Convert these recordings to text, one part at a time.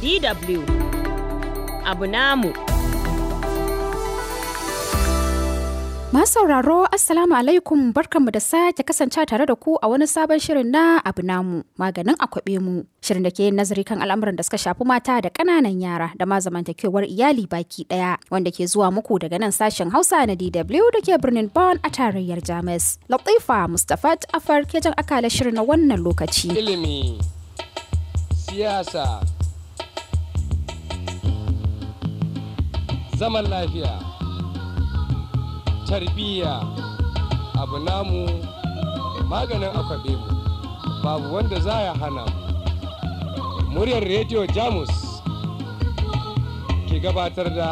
DW abu namu. Masu sauraro Assalamu alaikum barkanmu da sake kasance tare da ku a wani sabon shirin na abu namu maganin akwabe mu shirin da ke yin nazari kan al'amuran da suka shafi mata da ƙananan yara da ma zamantakewar iyali baki ɗaya wanda ke zuwa muku daga nan sashen Hausa na DW da ke birnin Bonn a tarayyar Jamus. Latifa Mustapha Afar ke jan akala shirin na wannan lokaci. Ilimi, siyasa, zaman lafiya tarbiyya abu namu maganin akwabe mu babu wanda za ya hana mu muryar rediyo jamus ke gabatar da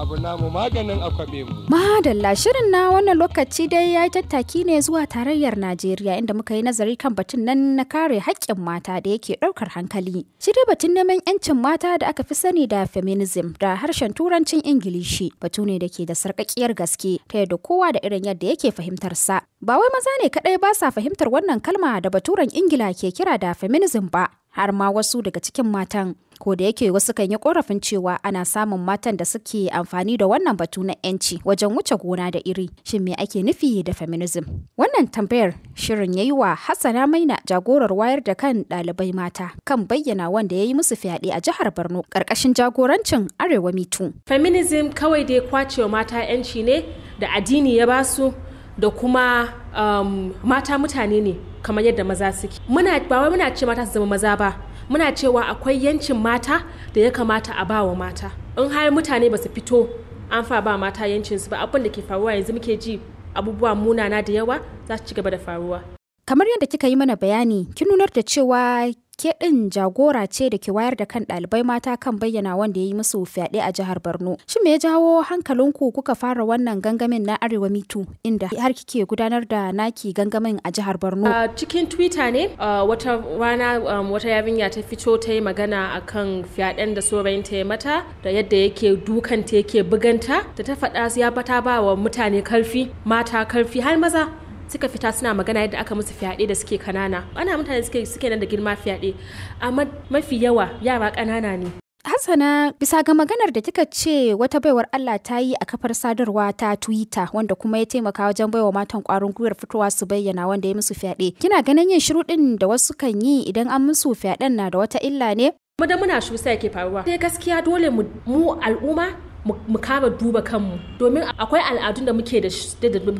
abu namu maganin akwabe mu. Mahadalla shirin na wannan lokaci dai ya tattaki ne zuwa tarayyar Najeriya inda muka yi nazari kan batun nan na kare haƙƙin mata da yake ɗaukar hankali. Shi dai batun neman ƴancin mata da aka fi sani da feminism da harshen turancin Ingilishi batu ne da ke da sarƙaƙiyar gaske ta yadda kowa da irin yadda yake fahimtar sa. Ba wai maza ne kaɗai ba sa fahimtar wannan kalma da baturen Ingila ke kira da feminism ba, har ma wasu daga cikin matan ko da yake wasu kan yi korafin cewa ana samun matan da suke amfani da wannan batu na yanci wajen wuce gona da iri shin me ake nufi da feminism wannan tambayar shirin ya yi wa hassana maina jagorar wayar da kan ɗalibai mata kan bayyana wanda ya yi musu fyaɗe a jihar borno ƙarƙashin jagorancin arewa mitu feminism kawai dai kwacewa mata yanci ne da addini ya basu da kuma um, mata mutane ne kamar yadda maza suke muna ba wai muna ce mata su zama maza ba muna cewa akwai yancin mata da ya kamata a bawa mata in har mutane ba su fito an fa ba mata yancin su ba abin da ke faruwa yanzu muke ji abubuwa munana da yawa za su ci gaba da faruwa kamar yadda kika yi mana bayani kin nunar da cewa ke ɗin jagora ce da ke wayar da kan ɗalibai mata kan bayyana wanda ya yi musu fyaɗe a jihar Borno. shin me ya jawo hankalinku kuka fara wannan gangamin na Arewa Mitu inda har kike gudanar da naki gangamin a jihar Borno? A cikin Twitter ne wata rana um, wata yarinya ta fito ta yi magana akan fyaɗen da saurayinta ya mata da yadda yake dukanta yake buganta da ta faɗa ya bata ba wa mutane karfi mata karfi har maza suka fita suna magana yadda aka musu fyaɗe da suke kanana ana mutane suke suke nan da girma fyaɗe amma mafi yawa yara kanana ne Hassana bisa ga maganar da kika ce wata baiwar Allah ta yi a kafar sadarwa ta Twitter wanda kuma ya taimaka wajen baiwa matan kwarin gwiwar fitowa su bayyana wanda ya musu fyaɗe. Kina ganin yin shiru ɗin da wasu kan yi idan an musu fyaɗen na da wata illa ne? Kuma da muna shusa yake faruwa. Sai eh, gaskiya dole mu al'umma mu kama duba kanmu domin akwai al'adun da muke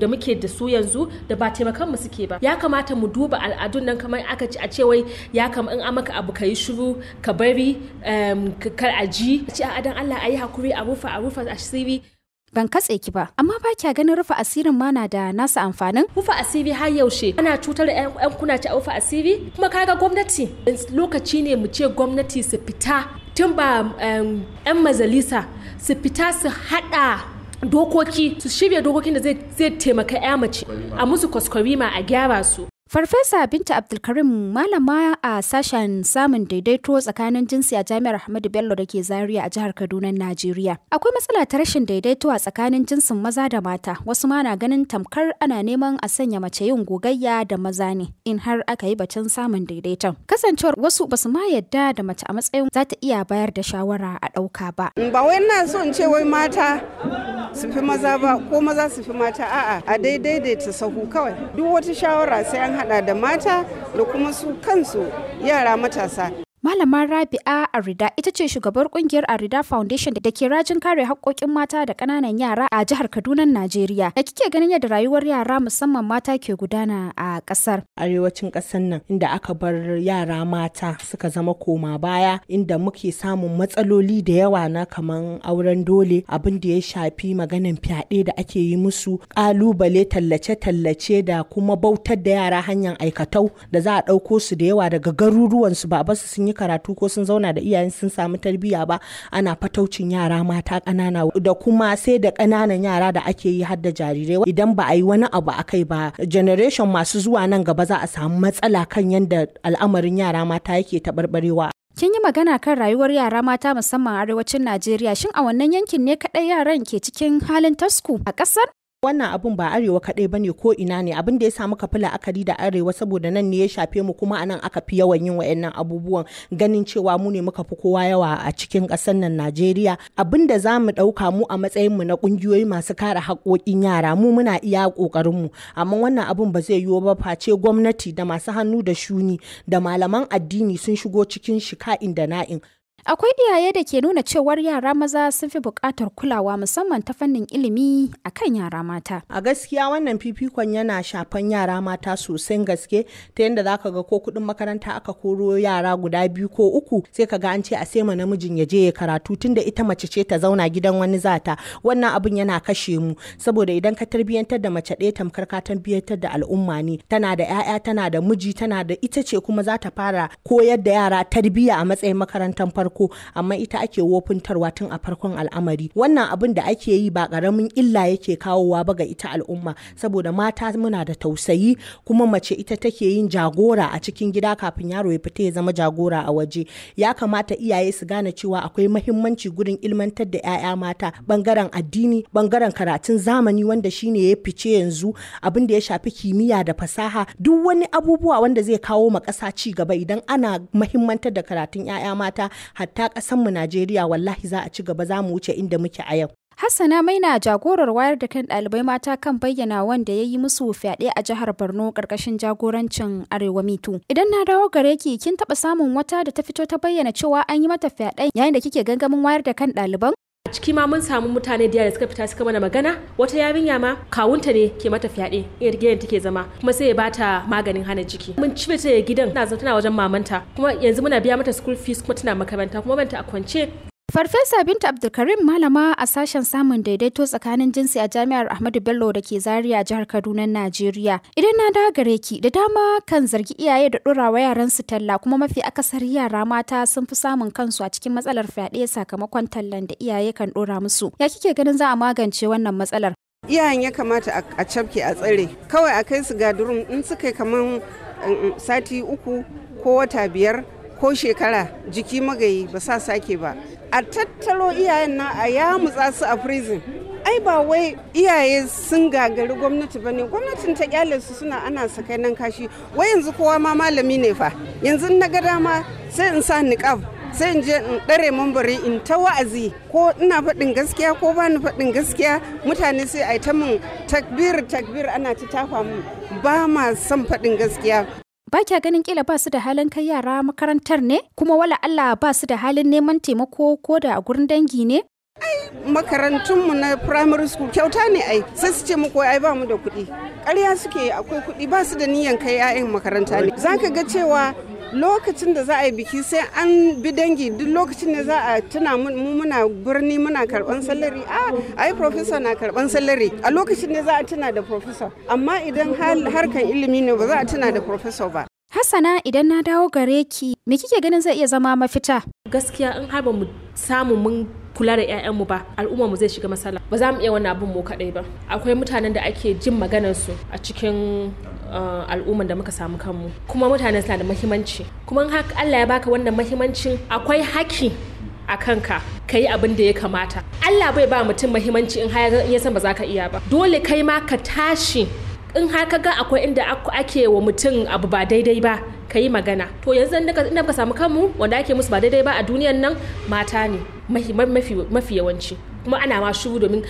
da muke da su yanzu da ba taimakan mu suke ba ya kamata mu duba al'adun nan kamar aka ci a ce wai ya kama in amaka abu ka yi shiru ka bari kar a ji a ce a Allah a hakuri a rufa a rufa asiri ban katse ki ba amma ba kya ganin rufa asirin ma na da nasa amfanin rufa asiri har yaushe ana cutar da yan kuna ci a rufe asiri kuma kaga gwamnati lokaci ne mu ce gwamnati su fita tun ba yan majalisa su fita su haɗa dokoki su shirya dokokin da zai taimaka ya mace a musu kwaskwarima a gyara su Farfesa Binta Abdulkarim malama a sashen samun daidaito tsakanin jinsi a Jami'ar Ahmadu Bello da ke Zariya a jihar Kaduna, Najeriya. Akwai matsala ta rashin daidaito a tsakanin jinsin maza da mata, wasu ma na ganin tamkar ana neman a sanya mace yin gogayya da maza ne in har aka yi batun samun daidaiton. Kasancewar wasu basu ma yadda da mace a matsayin za ta iya bayar da shawara a ɗauka ba. Ba wai ina so in ce wai mata su fi maza ba ko maza su fi mata a'a a daidaita sahu kawai duk wata shawara sai an hada da mata da kuma su kansu yara matasa malamar Rabi'a Arida ita ce shugabar kungiyar Arida Foundation da ke rajin kare haƙoƙin mata da ƙananan yara a jihar Kaduna, Najeriya. Da kike ganin yadda rayuwar yara musamman mata ke gudana a ƙasar. Arewacin ƙasar nan inda aka bar yara mata suka zama koma baya inda muke samun matsaloli da yawa na kaman auren dole abin da ya shafi maganin fyaɗe da ake yi musu ƙalubale tallace-tallace da kuma bautar da yara hanyar aikatau da za a ɗauko su da yawa daga garuruwansu ba su sun yi yi karatu ko sun zauna da iyayen sun samu tarbiyya ba ana fataucin yara mata ƙanana da kuma sai da ƙananan yara da ake yi har da jarirai idan ba a yi wani abu a kai ba generation masu zuwa nan gaba za a samu matsala kan yadda al'amarin yara mata yake taɓarɓarewa Kin yi magana kan rayuwar yara mata musamman arewacin Najeriya shin a wannan yankin ne kaɗai yaran ke cikin halin tasku a ƙasar? wannan abun ba arewa kaɗai bane ko ina ne abin da ya samu kafi la'akari da arewa saboda nan ne ya shafe mu kuma anan aka fi yawan yin wayannan abubuwan ganin cewa mu ne muka fi kowa yawa a cikin ƙasar nan Najeriya abin da za mu ɗauka mu a matsayin mu na ƙungiyoyi masu kare haƙoƙin yara mu muna iya ƙoƙarin mu amma wannan abun ba zai yiwu ba face gwamnati da masu hannu da shuni da malaman addini sun shigo cikin shika da na'in Akwai iyaye da ke nuna cewar yara maza sun fi buƙatar kulawa musamman ta fannin ilimi a kan yara mata. A gaskiya wannan fifikon yana shafan yara mata sosai gaske ta yadda za ka ga ko kuɗin makaranta aka koro yara guda biyu ko uku sai ka ga an ce a sai ma namijin ya je ya karatu tun da ita mace ce ta zauna gidan wani zata wannan abin yana kashe mu saboda idan ka tarbiyyantar da mace ɗaya tamkar ka tarbiyyantar da al'umma ne tana da 'ya'ya tana da miji tana da ita ce kuma za ta fara koyar da yara tarbiyya a matsayin makarantar farko. farko amma ita ake wofintarwa tun a farkon al'amari wannan abin da ake yi ba karamin illa yake kawowa ba ga ita al'umma saboda mata muna da tausayi kuma mace ita take yin jagora a cikin gida kafin yaro ya fita ya zama jagora a waje ya kamata iyaye su gane cewa akwai mahimmanci gurin ilmantar da 'ya'ya mata bangaren addini bangaren karatun zamani wanda shine ya fice yanzu abin da ya shafi kimiyya da fasaha duk wani abubuwa wanda zai kawo ma ƙasa ci gaba idan ana mahimmantar da karatun 'ya'ya mata hatta mu Najeriya wallahi za a ci gaba za mu wuce inda muke a yau. Hassana Maina jagorar wayar da kan ɗalibai mata kan bayyana wanda ya yi musu fyaɗe a jihar Borno ƙarƙashin jagorancin Arewa Mitu. Idan na dawo gare ki kin taɓa samun wata da ta fito ta bayyana cewa an yi mata fyaɗe yayin da kike gangamin wayar da kan ɗaliban? ciki ma mun samu mutane da suka fita suka mana magana wata yarinya ma kawunta ne ke mata fyaɗe gidan take zama kuma sai ya bata maganin hana ciki mun cibe ta gidan tana tana wajen mamanta kuma yanzu muna biya mata school fees kuma tana makaranta kuma banta a kwance Farfesa Binta Abdulkarim malama a sashen samun daidaito tsakanin jinsi a Jami'ar Ahmadu Bello da ke Zaria jihar Kaduna Najeriya. Idan na da gare ki da dama kan zargi iyaye da ɗorawa yaran su talla kuma mafi akasar yara mata sun fi samun kansu a cikin matsalar fyaɗe sakamakon tallan da iyaye kan ɗora musu. Ya kike ganin za a magance wannan matsalar? Iyayen ya kamata a cafke a tsare. Kawai a kai su gadurum in suka kaman mm, mm, sati uku ko wata biyar ko shekara jiki magayi ba sa sake ba a tattaro iyayen na a yamutsa su a prison ai ba wai iyaye sun gagari gwamnati ba ne gwamnatin ta kyale su suna ana sakai nan kashi wai yanzu kowa ma malami ne fa yanzu na ga dama sai in sa niqab sai in je in dare mambari in ta wa'azi ko ina faɗin gaskiya ko ba ni faɗin gaskiya mutane sai a ta min takbir takbir ana ta tafa min ba ma son faɗin gaskiya ba kya ganin kila ba su da halin kai yara makarantar ne kuma wala Allah ba su da halin neman taimako ko da a gurin dangi ne ai makarantunmu na primary school kyauta ne ai sai su ce muku ai ba mu da kuɗi ƙarya suke akwai kuɗi ba su da niyan kai 'ya'yan makaranta ne za ka ga cewa lokacin da za a yi biki sai an bi dangi duk lokacin ne za a tuna mu muna birni muna karban salari a ai professor na karban salari a lokacin ne za a tuna da professor amma idan harkan ilimi ne ba za a tuna da professor ba Hassana idan na dawo gare ki me kike ganin zai iya zama mafita gaskiya in har mu samu mun kula da 'ya'yanmu ba al'umma mu zai shiga masala ba za mu iya wani abin mu kadai ba akwai mutanen da ake jin maganar su a cikin ah, al'umman da muka samu kanmu kuma mutane suna da muhimmanci kuma in Allah ya baka wannan muhimmancin akwai haki a kanka ka yi abin da ya kamata Allah bai ba mutum muhimmanci in ya san ba za ka iya ba dole kai ma ka tashi in har ga akwai inda ake wa mutum abu ba daidai ba ka yi magana to yanzu inda ka samu kanmu wanda ake musu ba daidai ba a duniyan nan mata ne mafi yawanci kuma ana ma shiru domin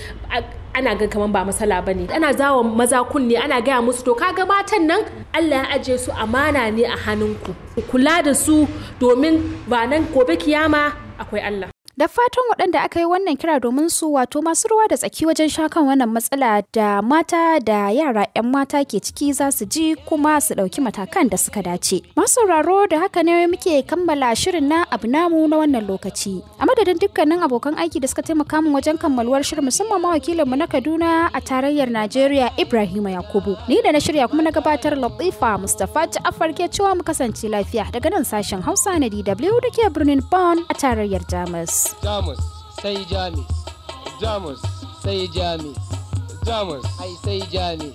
ana ga kaman ba matsala ba ne ana zawa maza kunne ana gaya musu to kaga matan nan allah ya ajiye su amana ne a hannunku kula da su domin ba nan gobe kiyama akwai allah Da fatan waɗanda aka yi wannan kira domin su wato masu ruwa da tsaki wajen shakan wannan matsala da mata da yara 'yan mata ke ciki za su ji kuma su ɗauki matakan da suka dace. Masu raro da haka ne muke kammala shirin na abu namu na wannan lokaci. A madadin dukkanin abokan aiki da suka taimaka min wajen kammaluwar shirin musamman ma mu na Kaduna a tarayyar Najeriya Ibrahima Yakubu. Ni da na shirya kuma na gabatar Latifa Mustapha Ja'afar ke cewa mu kasance lafiya daga nan sashen Hausa na DW da ke birnin Bonn a tarayyar Jamus. Jamus sai jamis Jamus sai jamis Jamus ai sai jamis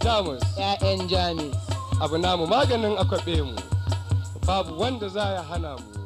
Jamus 'ya'yan jamis Abu namu maganin akwabe mu. Babu wanda za ya hana mu.